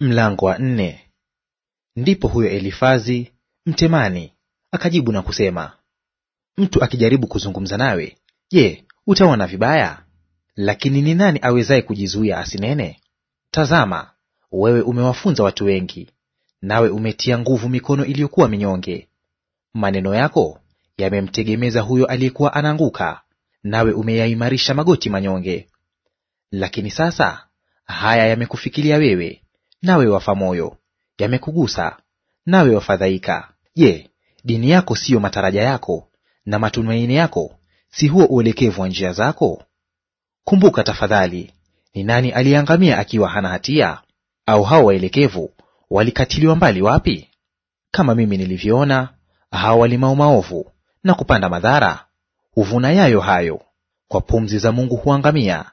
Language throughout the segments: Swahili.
Mlango wa nne. Ndipo huyo Elifazi Mtemani akajibu na kusema, mtu akijaribu kuzungumza nawe, je, utaona vibaya? Lakini ni nani awezaye kujizuia asinene? Tazama, wewe umewafunza watu wengi, nawe umetia nguvu mikono iliyokuwa minyonge. Maneno yako yamemtegemeza huyo aliyekuwa ananguka nawe umeyaimarisha magoti manyonge. Lakini sasa haya yamekufikilia wewe nawe wafa moyo; yamekugusa, nawe wafadhaika. Je, dini yako siyo mataraja yako, na matumaini yako si huo uelekevu wa njia zako? Kumbuka tafadhali, ni nani aliyeangamia akiwa hana hatia? Au hao waelekevu walikatiliwa mbali wapi? Kama mimi nilivyoona, hao walimao maovu na kupanda madhara huvuna yayo hayo. Kwa pumzi za Mungu huangamia,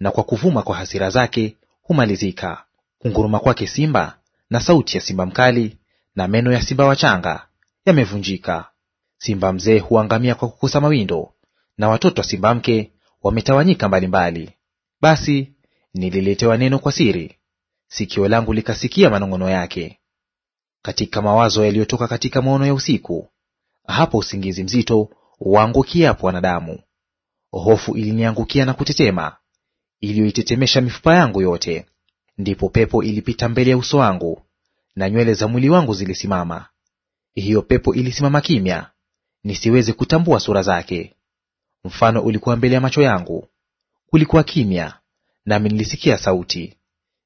na kwa kuvuma kwa hasira zake humalizika kunguruma kwake simba na sauti ya simba mkali na meno ya simba wachanga yamevunjika. Simba mzee huangamia kwa kukosa mawindo, na watoto wa simba mke wametawanyika mbalimbali. Basi nililetewa neno kwa siri, sikio langu likasikia manong'ono yake, katika mawazo yaliyotoka katika maono ya usiku, hapo usingizi mzito waangukiapo wanadamu. Hofu iliniangukia na kutetema, iliyoitetemesha mifupa yangu yote. Ndipo pepo ilipita mbele ya uso wangu, na nywele za mwili wangu zilisimama. Hiyo pepo ilisimama kimya, nisiweze kutambua sura zake. Mfano ulikuwa mbele ya macho yangu, kulikuwa kimya, nami nilisikia sauti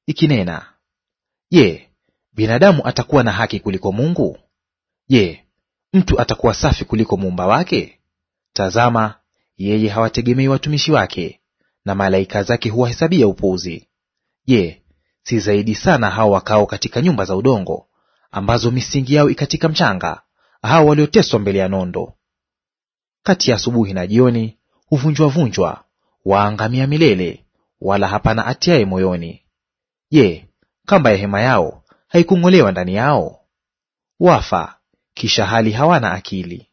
ikinena, Je, binadamu atakuwa na haki kuliko Mungu? Je, mtu atakuwa safi kuliko muumba wake? Tazama, yeye hawategemei watumishi wake, na malaika zake huwahesabia upuuzi. Je, si zaidi sana hao wakao katika nyumba za udongo, ambazo misingi yao ikatika mchanga, hao walioteswa mbele ya nondo. Kati ya asubuhi na jioni huvunjwavunjwa, waangamia milele, wala hapana atiaye moyoni. Je, kamba ya hema yao haikung'olewa ndani yao? Wafa, kisha hali hawana akili.